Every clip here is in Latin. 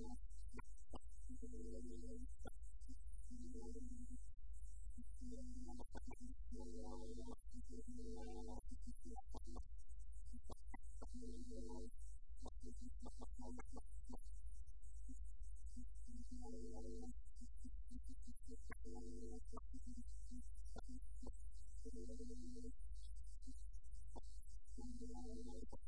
et in hoc modo omnes omnes omnes omnes omnes omnes omnes omnes omnes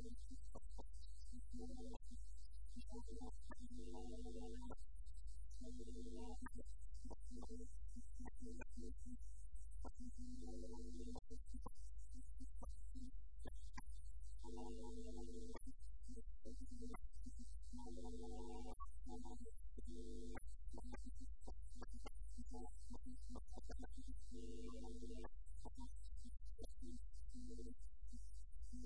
quod est in hoc libro in terra et de vita in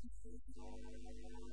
Thank you.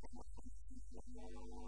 from a country from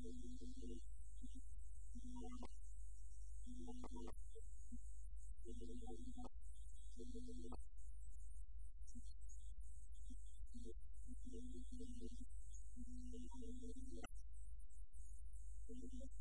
Airaz ma healah. Airaz